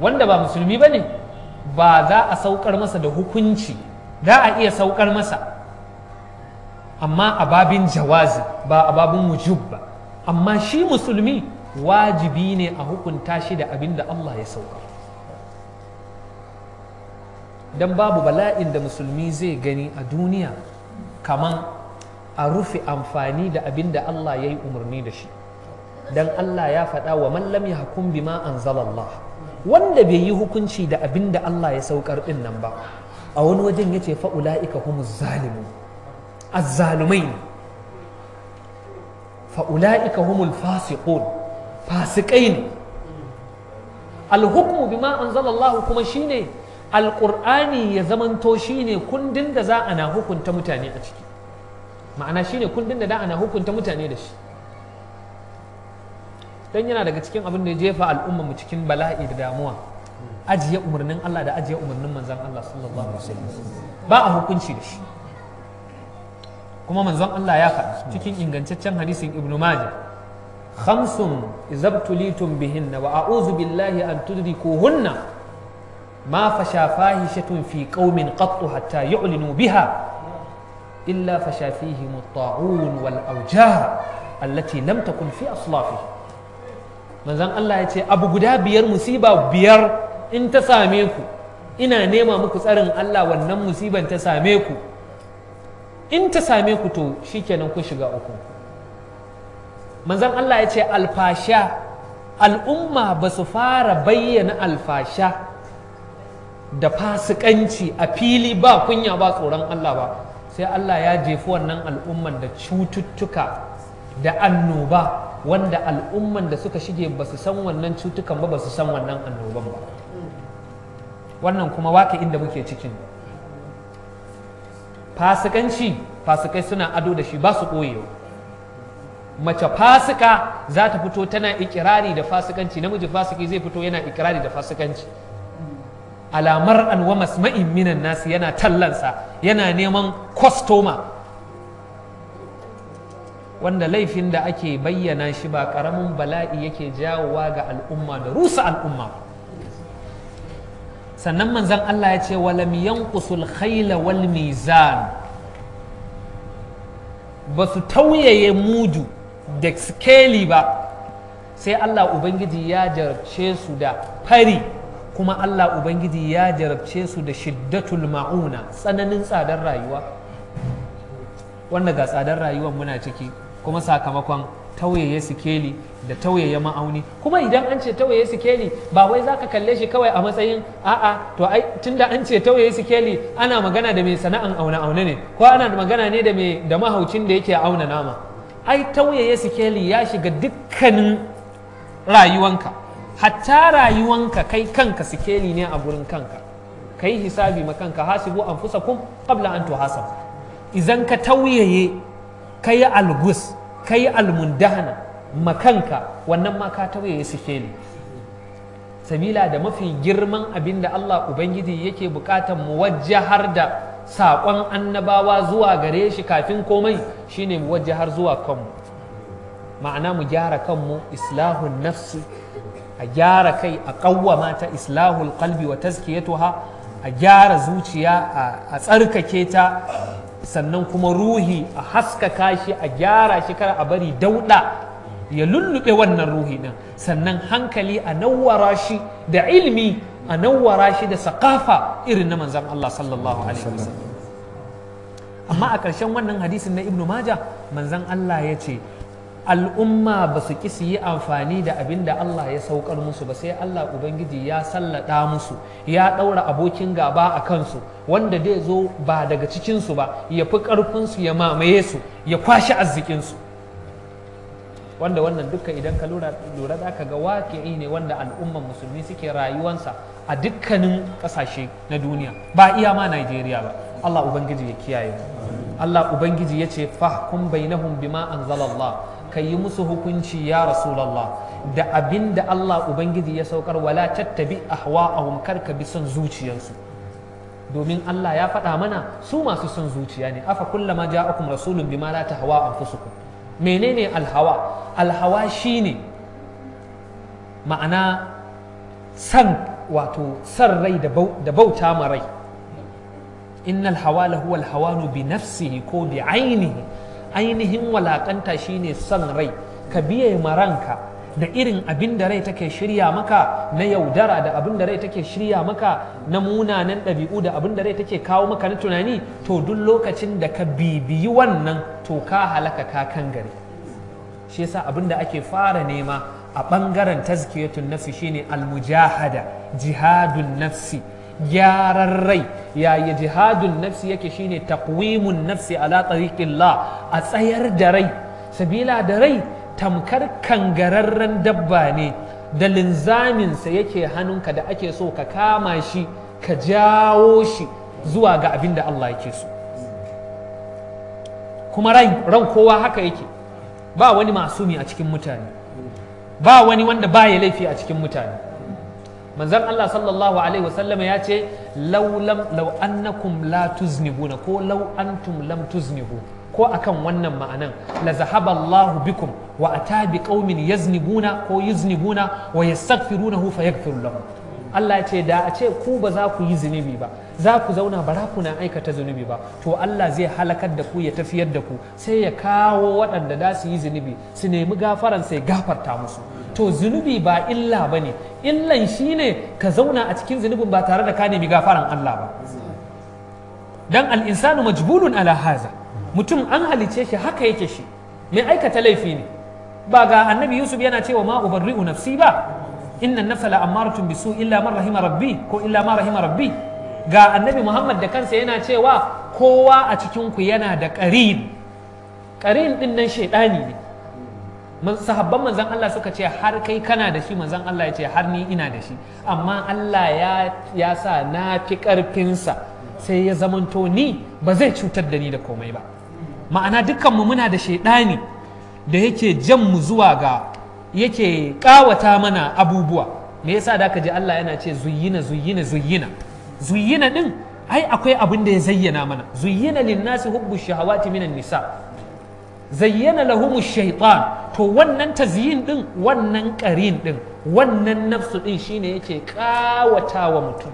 wanda ba musulmi ba ne ba za a saukar masa da hukunci za a iya saukar masa amma a babin jawazi ba a babin wujub ba amma shi musulmi wajibi ne a hukunta shi da abin da Allah ya saukar don babu bala'in da musulmi zai gani a duniya kaman a rufe amfani da abin da Allah ya yi umarni da shi don Allah ya faɗa wa mallam ya hukum bima anzalallah wanda bai yi hukunci da abin da Allah ya saukar din nan ba a wani wajen ya ce fa'ula'ika humu zalimu azzalumai ne fa'ula'ika humul fasiqun fasikai ne alhukmu bima anzalallahu kuma shine alqur'ani ya zamanto shine kundin da za ana hukunta mutane a ciki ma'ana shine kundin da da ana hukunta mutane da shi don yana daga cikin abin da ya jefa al'umma mu cikin bala'i da damuwa ajiye umarnin Allah da ajiye umarnin manzon Allah sallallahu alaihi wasallam ba a hukunci da shi kuma manzon Allah ya faɗa cikin ingantaccen hadisin Ibn Majah khamsun izabtulitum bihinna wa a'udhu billahi an tudrikuhunna ma fasha fahishatun fi qaumin qattu hatta yu'linu biha illa fasha fihim at wal awjah allati lam takun fi aslafihim manzan Allah ya ce abu guda biyar musiba biyar in ta same ku ina nema muku tsarin Allah wannan musiban ta same ku in ta same ku to shikenan ku shiga uku manzan Allah ya ce alfasha al'umma ba su fara bayyana alfasha da fasikanci a fili ba kunya ba tsoron Allah ba sai Allah ya jefi wannan al'umman da cututtuka da annoba wanda al'umman da suka shige ba su san wannan cutukan ba ba su san wannan annoban ba wannan kuma waka inda muke cikin fasikanci fasikai suna ado da shi ba su koyewa mace fasika za ta fito tana ikirari da fasikanci namiji fasiki zai fito yana ikirari da fasikanci alamar an wa masma'in minan nasi yana tallansa yana neman kwastoma wanda laifin da ake bayyana shi ba karamin bala'i yake jawowa ga al'umma da rusa al'umma sannan manzan Allah ya ce walam yanqusul khayla wal mizan ba su tauyaye mudu da skeli ba sai Allah ubangiji ya jarabce su da fari kuma Allah ubangiji ya jarabce su da shiddatul ma'una tsananin tsadar rayuwa wanda ga tsadar rayuwar muna ciki kuma sakamakon tauyaye sikeli da tauyaye ma'auni kuma idan an ce tauyaye sikeli ba wai za ka kalle shi kawai a matsayin a'a to ai tunda an ce tauyaye sikeli ana magana da mai sana'an auna auna ne ko ana magana ne da mai da mahaucin da yake auna nama ai tauyaye sikeli ya shiga dukkanin rayuwanka hatta rayuwanka kai kanka sikeli ne a gurin kanka kai hisabi ma kanka hasibu anfusakum qabla an tuhasab idan ka tauyaye kai algus kai almundahana makanka wannan ma ka tauye ni. sabila da mafi girman abin da Allah Ubangiji yake bukatan mu wajahar da saƙon annabawa zuwa gare shi kafin komai shine mu wajahar zuwa kanmu ma'ana mu gyara kanmu islahun nafsi a gyara kai a ƙawwama ta islahul qalbi wa tazkiyatuha a gyara zuciya a tsarkake ta sannan kuma ruhi a haskaka shi a gyara shi kar a bari dauɗa ya lullube wannan ruhi ɗin sannan hankali a nawwara shi da ilmi a nawwara shi da sakafa irin na manzan Allah sallallahu alaihi wasallam amma a ƙarshen wannan hadisin na ibnu maja manzan Allah ya ce al'umma ba su ƙi su yi amfani da abin da Allah ya saukar musu ba sai Allah Ubangiji ya sallada musu ya ɗaura abokin gaba a kansu wanda zai zo ba daga cikinsu ba ya fi ƙarfinsu ya mamaye su ya kwashe arzikinsu wanda wannan duka idan ka lura da ka ga waƙi'i ne wanda al'umman musulmi suke rayuwansa a dukkanin ƙasashe na duniya ba iya ma Najeriya ba Allah Ubangiji ya kiyaye Allah Ubangiji ya ce fahkum bainahum bima anzalallah ka yi musu hukunci ya rasulallah da abin da Allah Ubangiji ya saukar wala tattabi ahwa'ahum kar ka bi son zuciyarsu domin Allah ya faɗa mana su masu son zuciya ne afa kullama ja'akum rasulun bima la tahwa anfusukum menene alhawa alhawa shine ma'ana san wato san rai da bauta ma rai innal hawa lahu alhawanu bi nafsihi ko bi ainihi ainihin walakanta shine son rai ka biye maranka da irin abin da rai take shirya maka na yaudara da abin da rai take shirya maka na munanan ɗabi'u da abin da rai take kawo maka na tunani to duk lokacin da ka bibiyi wannan to ka halaka ka kan gari shi yasa abin da ake fara nema a ɓangaren tazkiyatun nafsi shine almujahada jihadun nafsi gyaran rai yaya jihadun nafsi yake shine taqwimun nafsi ala tariqillah a tsayar da rai sabila da rai tamkar kangararren dabba ne da linzaminsa yake hannunka da ake so ka kama shi ka jawo shi zuwa ga abin da Allah yake so kuma ran kowa haka yake ba wani masumi a cikin mutane ba wani wanda ba ya laifi a cikin mutane manzon Allah sallallahu alaihi wasallam ya ce law lam annakum la tuznibuna ko lauantum antum lam tuznibu ko akan wannan ma'anan la zahaba bikum wa ata bi qaumin yaznibuna ko yuznibuna wa yastaghfirunahu fayaghfiru lahum Allah ce da a ce ku ba za ku yi zunubi ba za ku zauna ba ku na aikata zunubi ba to Allah zai halakar da ku ya tafiyar da ku sai ya kawo waɗanda da su yi zunubi su nemi gafaran sai gafarta musu to zunubi ba illa ba ne illan shi ne ka zauna a cikin zunubin ba tare da ka nemi gafaran Allah ba dan al'insanu majbulun ala haza mutum an halice shi haka yake shi mai aikata laifi ne ba ga annabi yusuf yana cewa ma ubarri'u nafsi ba inna nafsa la amaratun bisu illa man rahima rabbi ko illa ma rahima rabbi ga annabi muhammad da kansa yana cewa kowa a cikin ku yana da qarin qarin din nan shaidani ne sahabban manzon Allah suka ce har kai kana da shi manzon Allah ya ce har ni ina da shi amma Allah ya ya sa na fi karfinsa sai ya zamanto ni ba zai cutar da ni da komai ba ma'ana dukkanmu muna da shaidani da yake jan mu zuwa ga yake kawata mana abubuwa me yasa da ka ji Allah yana ce zuyyina zuyyina zuyyina zuyyina din ai akwai abin da ya zayyana mana zuyyina linnasi hubbu shahawati minan nisa zayyana lahumu shaytan to wannan tazyin din wannan karin din wannan nafsu din shine yake kawata wa mutum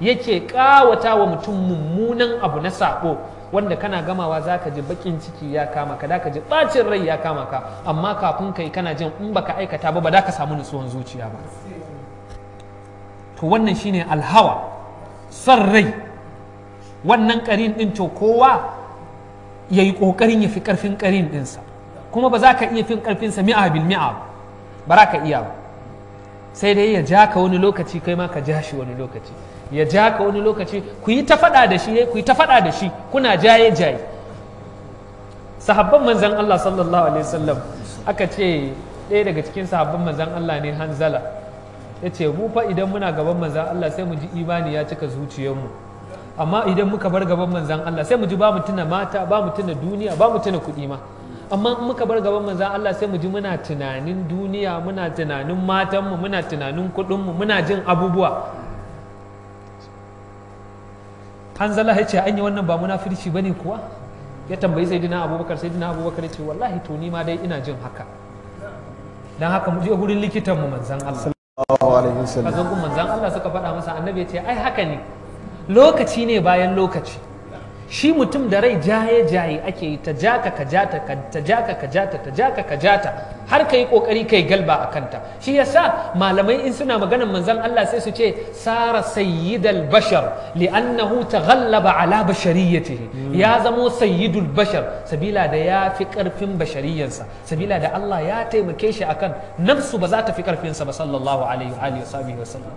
yake kawata wa mutum mummunan abu na sako wanda kana gamawa za ka ji bakin ciki ya kama ka da ka ji bacin rai ya kama ka amma kafin kai kana jin in baka aikata ba ba da ka samu nutsuwan zuciya ba to wannan shine alhawa son rai wannan karin din to kowa ya yi kokarin ya fi karfin karin dinsa kuma ba za ka iya fin karfinsa mi'a bil mi'a ba ba za ka iya ba sai dai ya ja ka wani lokaci kai ma ka ja shi wani lokaci ya ja ka wani lokaci ku yi ta faɗa da shi eh, ku yi ta faɗa da shi kuna jaye jaye sahabban manzan Allah sallallahu alaihi wasallam aka ce ɗaya daga cikin sahabban manzan Allah ne hanzala ya ce mu fa idan muna gaban manzan Allah sai mu ji imani ya cika zuciyarmu amma idan muka bar gaban manzan Allah sai mu ji ba mu tuna mata ba mu tuna duniya ba mu tuna kuɗi ma amma in muka bar gaban manzan Allah sai mu ji muna tunanin duniya muna tunanin matanmu muna tunanin kuɗinmu muna jin abubuwa hanzala ya ce an yi wannan ba munafirci ba ne kuwa ya tambayi sai dina abubakar sai dina abubakar ya ce wallahi to ni ma dai ina jin haka don haka mu je gurin likitanmu mu manzan Allah kazan kun manzan Allah suka faɗa masa annabi ya ce ai haka ne lokaci ne bayan lokaci shi mutum da rai jaye jaye ake yi ta jaka ka jata ta jaka ka jata ta jaka ka jata har kai kokari kai galba a kanta shi yasa malamai in suna maganar manzon Allah sai su ce sara sayyidal bashar li'annahu taghallaba ala bashariyatihi hmm. ya zamo sayyidul bashar sabila da ya fi karfin bashariyarsa sabila da Allah ya taimake shi akan nafsu ba za ta fi ƙarfinsa ba sallallahu alaihi wa alihi wa sallam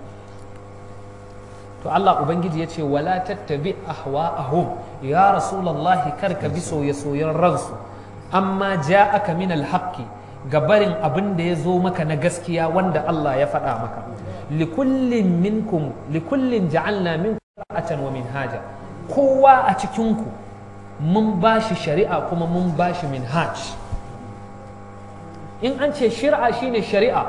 to Allah ubangiji ya ce wala tattabi ahwa'ahum ya rasulallahi kar ka bi soye soyen ransu amma ja'aka min alhaqi barin abin da ya zo maka na gaskiya wanda Allah ya faɗa maka likullin minkum likullin ja'alna minkum ra'atan wa minhaja kowa a cikin ku mun bashi shari'a kuma mun bashi minhaj in an ce shir'a shine shari'a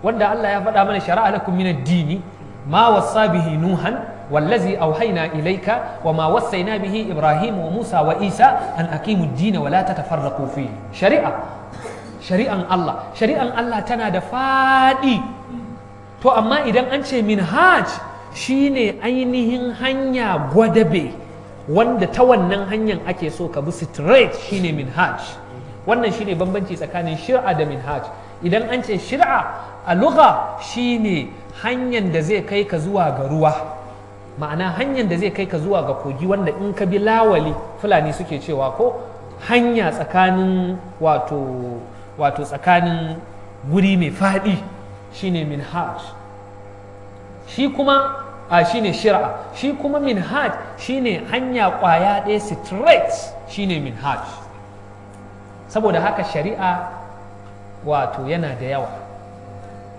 wanda Allah ya faɗa mana shari'a lakum min ad-dini ma bihi nuhan wallazi auhaina ilaika wa ma bihi ibrahim wa musa wa isa an aqimu ad fi shari'a shari'an Allah shari'an Allah tana da faɗi. to amma idan an ce minhaj shine ainihin hanya gwadabe wanda ta wannan hanyar ake so ka bi straight shine minhaj wannan shine bambanci tsakanin shir'a da minhaj idan an ce shir'a a lugha shine hanyar da zai kai ka zuwa ga ruwa ma'ana hanyar da zai kai ka zuwa ga kogi wanda in ka bi lawali fulani suke cewa ko hanya tsakanin wato tsakanin guri mai faɗi shine minhaj shi kuma a shine shira shi kuma minhaj shine hanya kwaya ɗaya straight shine minhaj saboda haka shari'a wato yana da yawa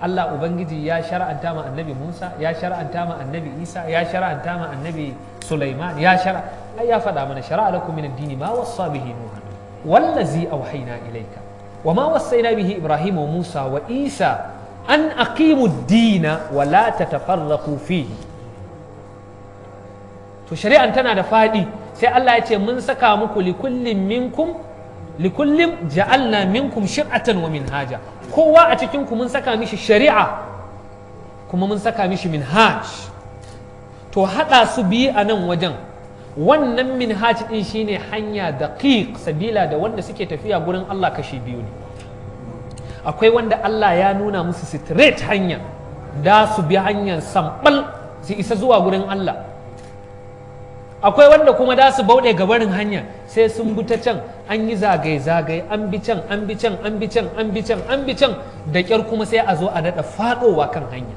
Allah Ubangiji ya shara'anta ma annabi Musa ya shara'anta ma annabi Isa ya shara'anta ma annabi Sulaiman ya shara ai ya faɗa mana shara'a lakum min ad-dini ma wassa bihi Nuhan wallazi awhayna ilayka wa ma wassayna bihi Ibrahim wa Musa wa Isa an aqimu ad-dina wa la tatafarraqu fihi to shari'an tana da faɗi sai Allah ya ce mun saka muku likullin minkum likullin ja'alna minkum shir'atan wa minhaja kowa a cikin ku mun saka mishi shari'a kuma mun saka mishi minhaj to haɗa su biyu a nan wajen wannan minhaj ɗin shine hanya da sabila da wanda suke tafiya gurin Allah kashi biyu ne akwai wanda Allah ya nuna musu straight hanya da su bi hanyar sambal su isa zuwa gurin Allah akwai wanda kuma da su bauɗe barin hanya sai sun bi ta can an yi zagaye-zagaye an bi can an bi can an bi can an bi can an bi can da ƙyar kuma sai a zo a daɗa faɗowa kan hanya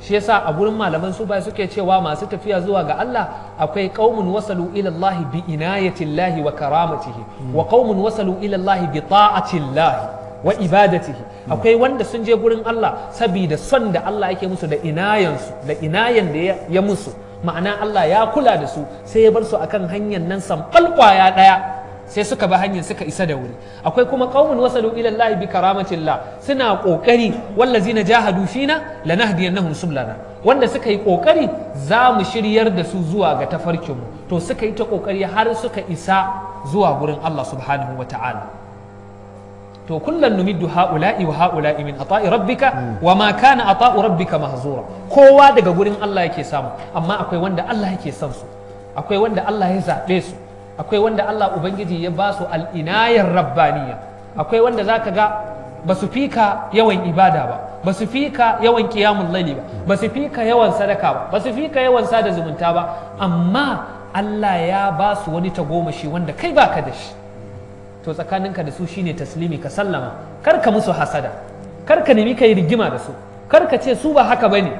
shi yasa a gurin malaman su bai suke cewa masu tafiya zuwa ga Allah akwai qaumun wasalu ila Allah bi inayatillahi wa karamatihi wa qaumun wasalu ila Allah bi ta'atillahi wa ibadatihi akwai wanda sun je gurin Allah saboda son da Allah yake musu da inayansu da inayan da ya musu ma'ana Allah ya kula da su sai ya bar su akan hanyar nan sanɓal kwaya ɗaya sai suka bi hanyar suka isa da wuri akwai kuma qaumun wasalu ila llahi bi karamatillah suna kokari wallazina jahadu fina lanahdiyannahum sublana wanda suka yi kokari za mu shiryar da su zuwa ga tafarkinmu to suka yi ta kokari har suka isa zuwa gurin Allah subhanahu wataala to kullum numiddu ha'ula'i wa ha'ula'i min ata'i rabbika wa ma kana ata'u rabbika mahzura kowa daga gurin Allah yake samu amma akwai wanda Allah yake son su akwai wanda Allah ya zaɓe su akwai wanda Allah ubangiji ya ba su al'inayar rabbaniya akwai wanda zaka ga ba su fika yawan ibada ba ba su fika yawan kiyamun layli ba ba su fika yawan sadaka ba ba su fika yawan sada zumunta ba amma Allah ya ba su wani tagomashi wanda kai baka da shi to tsakaninka da su shine taslimi ka sallama kar ka musu hasada kar ka nemi ka yi rigima da su kar ka ce su ba haka bane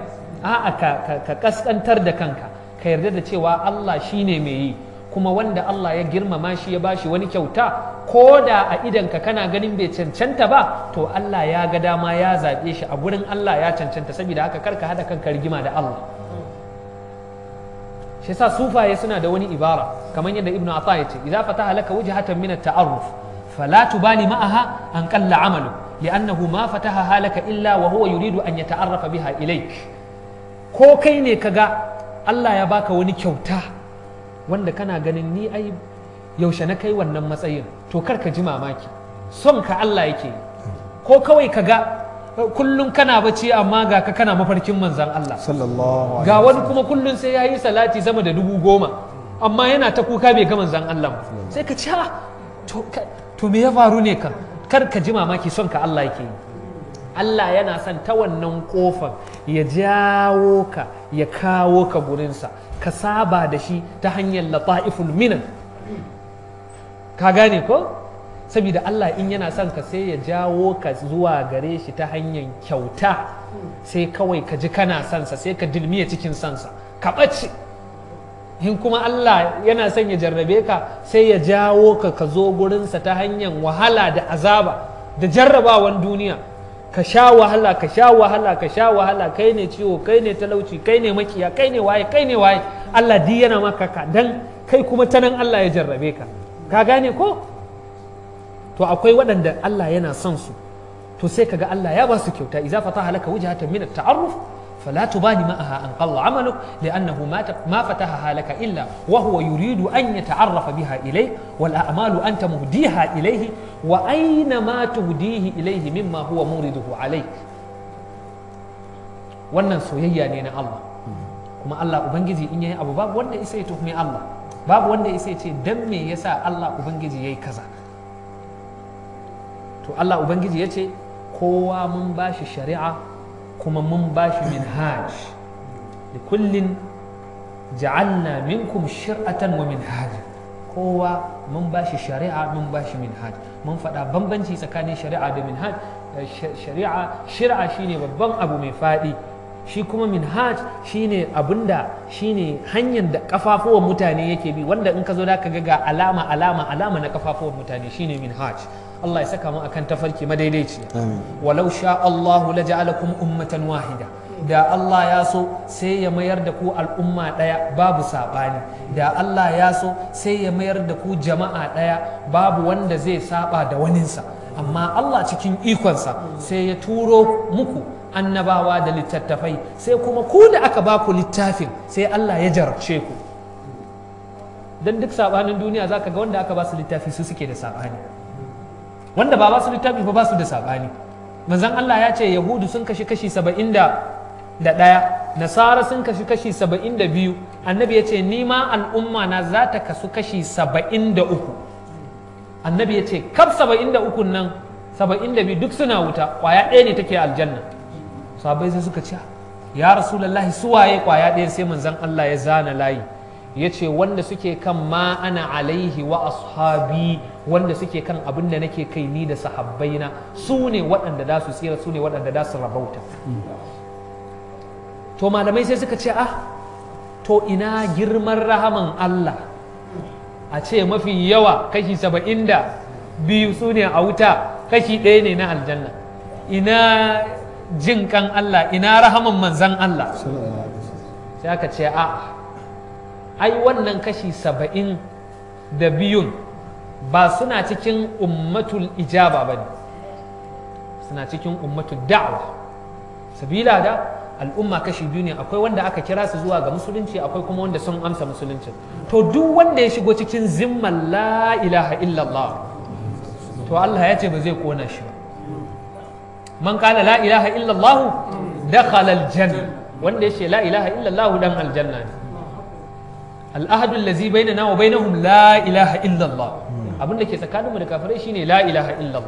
a'a ka ka kaskantar da kanka ka yarda da cewa Allah shine mai yi kuma wanda Allah ya girmama shi ya bashi wani kyauta ko da a idanka kana ganin bai cancanta ba to Allah ya ga dama ya zaɓe shi a gurin Allah ya cancanta saboda haka kar ka hada kanka rigima da Allah shi yasa sufaye suna da wani ibara kamar yadda ibnu ata yace idza fataha laka wajhatan min at-ta'arruf fala tubali ma'aha an qalla 'amalu li'annahu ma fataha laka illa wa huwa yuridu an yata'arrafa biha ilayk ko kai ne kaga Allah ya baka wani kyauta wanda kana ganin ni ai yaushe na kai wannan matsayin to kar ka ji mamaki son ka Allah yake ko kawai kaga kullum kana bacci amma ga ka kana mafarkin manzan Allah ga wani kuma kullum sai ya yi salati sama da dubu goma amma yana ta kuka bai ga manzan Allah mm. sai ka ce ah, to me ya faru ne kan kar ka ji mamaki son ka Allah yake yi Allah yana son ta wannan kofar ya jawo ka ya kawo ka gurinsa ka saba da shi ta hanyar lata'iful minan ka gane ko saboda Allah in yana son ka sai ya jawo ka zuwa gare shi ta hanyar kyauta sai kawai ka ji kana sansa sai ka dilmiya cikin sansa ka ɓace in kuma Allah yana son ya jarrabe ka sai ya jawo ka ka zo gurinsa ta hanyar wahala da azaba da jarrabawan duniya ka sha wahala ka sha wahala ka sha wahala kai ne ciwo kai ne talauci kai ne makiya kai ne waye kai ne waye Allah di yana maka ka dan kai kuma ta nan Allah ya jarrabe ka ka gane ko to akwai waɗanda Allah yana son su to sai kaga Allah ya ba su kyauta idza fataha laka wajhatan min at-ta'arruf fala tubali ma'aha an qalla 'amaluk li'annahu ma ma fataha laka illa wa huwa yuridu an yata'arrafa biha ilay wal a'malu anta muhdiha ilayhi wa ayna ma tuhdihi ilayhi mimma huwa muriduhu alayk wannan soyayya ne na Allah kuma Allah ubangiji in yayi abu babu wanda isa ya tuhumi Allah babu wanda isa ya ce dan me yasa Allah ubangiji yayi kaza to Allah ubangiji ya ce kowa mun bashi shari'a kuma mun bashi hajj. da kullin ja'alna minkum shir'atan wa minhaj kowa mun bashi shari'a mun bashi minhaj mun faɗa bambanci tsakanin shari'a da minhaj eh, shari'a shir'a shine babban abu mai faɗi shi kuma minhaj shine abinda shine hanyar da kafafuwan mutane yake bi wanda in ka zo da ka ga alama alama alama na kafafuwan mutane shine minhaj Allah ya saka mu akan tafarki madaidaici walau sha Allahu la ja'alakum ummatan wahida da Allah ya so sai ya mayar da ku al'umma ɗaya babu saɓani da Allah ya so sai ya mayar da ku jama'a ɗaya babu wanda zai saba da waninsa amma Allah cikin ikonsa sai ya turo muku annabawa da littattafai sai kuma ku da aka ba ku littafin sai Allah ya jarabce ku don duk saɓanin duniya zaka ga wanda aka ba su littafi su suke da saɓani wanda ba su littafi ba ba su da sabani manzon Allah ya ce yahudu sun kashi kashi saba'in da ɗaya nasara sun kashi kashi saba'in da biyu annabi ya ce ni ma al'umma na za ta kasu kashi saba'in da uku annabi ya ce kaf saba'in da ukun nan saba'in da biyu duk suna wuta kwaya ɗaya ne take aljanna sahabbai sai suka ce ya rasulallahi suwaye kwaya ɗaya sai manzon Allah ya zana layi ya ce wanda suke kan ma ana alaihi wa ashabi wanda suke kan abin da nake kai ni da sahabbaina su ne waɗanda da su tsira su ne waɗanda da su rabauta to malamai sai suka ce ah to ina girman rahaman Allah a ce mafi yawa kashi saba'in da biyu su ne a wuta kashi ɗaya ne na aljanna ina jin kan Allah ina rahaman manzan Allah sai aka ce a ah, ai wannan kashi saba'in da biyun ba suna cikin ummatul ijaba ba ne suna cikin ummatul da'wa sabila da al'umma kashi biyu ne akwai wanda aka kira su zuwa ga musulunci akwai kuma wanda sun amsa musulunci to duk wanda ya shigo cikin zimman la ilaha illallah to Allah ya ce ba zai kona shi ba man kana la ilaha illallah dakhala aljanna wanda ya ce la ilaha illallah dan aljanna ne al'ahadu allazi bainana wa bainahum la ilaha illallah abin da ke tsakaninmu da kafirai shine la ilaha illallah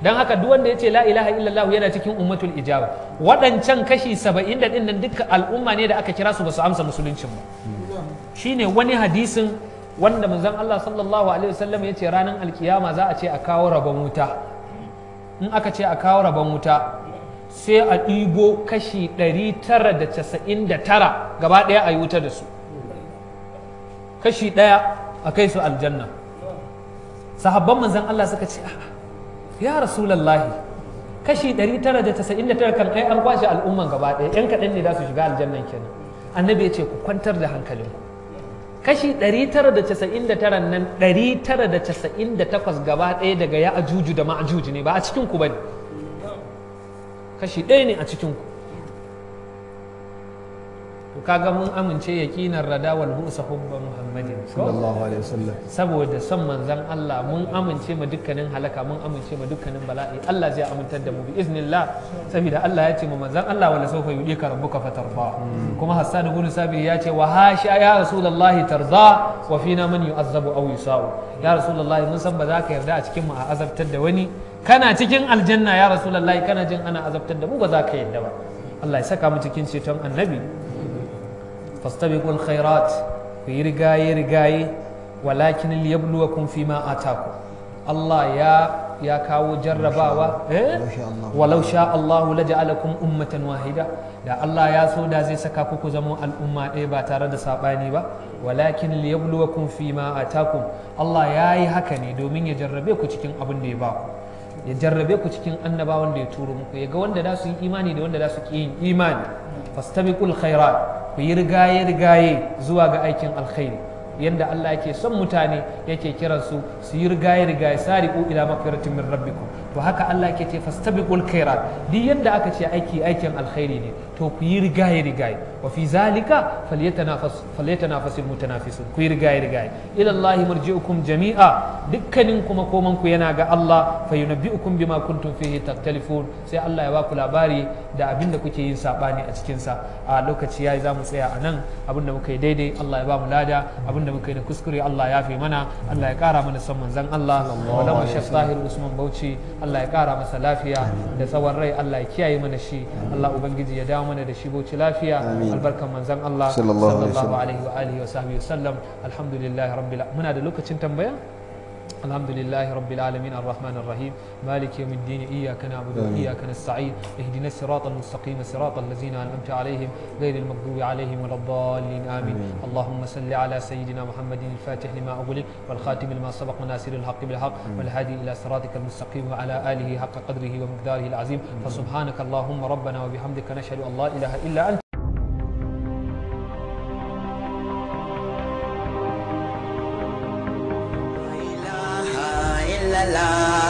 dan haka duk wanda yace la ilaha illallah yana cikin ummatul ijaba waɗancan kashi 70 da dinnan dukkan al'umma ne da aka kira su ba su amsa musuluncin ba shine wani hadisin wanda manzon Allah sallallahu alaihi wasallam yace ranar alkiyama za a ce a kawo rabon wuta in aka ce a kawo rabon wuta sai a ɗibo kashi 999 gaba ɗaya a yi wuta da su kashi ɗaya a kai su aljanna sahabban manzan Allah suka ce ya rasulallahi kashi 999 kan ai an kwashe al'umman gaba ɗaya yan kaɗan ne za su shiga aljannan kenan annabi ya ce ku kwantar da hankalinku kashi 999 nan 998 gaba ɗaya daga ya ajuju da ma'ajuju ne ba a cikin ku ne. kashi ɗaya ne a cikin ku to kaga mun amince yaqinan rada wal bu'sa hubba muhammadin sallallahu alaihi wasallam saboda son manzon Allah mun amince ma dukkanin halaka mun amince ma dukkanin bala'i Allah zai amintar da mu bi iznillah saboda Allah ya ce mu manzon Allah wala sawfa yudika rabbuka fatarda hmm. kuma Hassan ibn Sabir ya ce wa hasha ya rasulullahi tarda wa fina man yu'azzabu aw yusau ya rasulullahi mun san ba za ka yarda a cikin mu a azabtar da wani kana cikin aljanna ya rasulullahi kana jin ana azabtar da mu ba za ka yarda ba Allah ya saka mu cikin ceton annabi fastabiqul khairat ku yi rigaye rigaye walakin liyabluwakum fima ataku Allah ya kawo jarrabawa walau Allahu la ja'alakum ummatan wahida da Allah ya so da zai saka kuku zama al'umma ɗaya ba tare da saɓani ba walakin liyabluwakum fima atakum Allah ya yi haka ne domin ya jarrabe ku cikin abin da ya ba ku ya jarrabe ku cikin annabawan da ya turo muku ya wanda za su yi imani da wanda za su ƙi yin imani fastabiqul khairat ku yi rigaye rigaye zuwa ga aikin alkhairi yadda Allah yake son mutane yake kiransu su yi rigaye rigaye sari'u ila maghfiratin min rabbikum to haka Allah ke ce fastabiqul khairat duk yadda aka ce aiki aikin alkhairi ne to ku yi rigaye rigaye wa fi zalika falyatanafas falyatanafasul mutanafisun ku yi rigaye rigaye ila Allah marji'ukum jami'a dukkanin kuma koman ku yana ga Allah fa yunabbi'ukum bima kuntum fihi taktalifun sai Allah ya ba ku labari da abinda kuke yin sabani a cikin sa a lokaci yayi zamu tsaya a nan abin da muka yi daidai Allah ya ba mu lada abin da muka yi da kuskure Allah ya fi mana Allah ya kara mana son manzon Allah wa lahu shafahir usman bauchi Allah ya kara masa lafiya da tsawon rai Allah ya kiyaye mana shi Allah ubangiji ya dawo mana da shi boci lafiya albarkan manzon Allah sallallahu alaihi wa alihi wa sahbihi wasallam alhamdulillah rabbil muna da lokacin tambaya الحمد لله رب العالمين الرحمن الرحيم مالك يوم الدين إياك نعبد وإياك نستعين اهدنا الصراط المستقيم صراط الذين أنعمت عليهم غير المغضوب عليهم ولا الضالين آمين اللهم صل على سيدنا محمد الفاتح لما أغلق والخاتم لما سبق وناصر الحق بالحق والهادي إلى صراطك المستقيم وعلى آله حق قدره ومقداره العظيم فسبحانك اللهم ربنا وبحمدك نشهد أن لا إله إلا أنت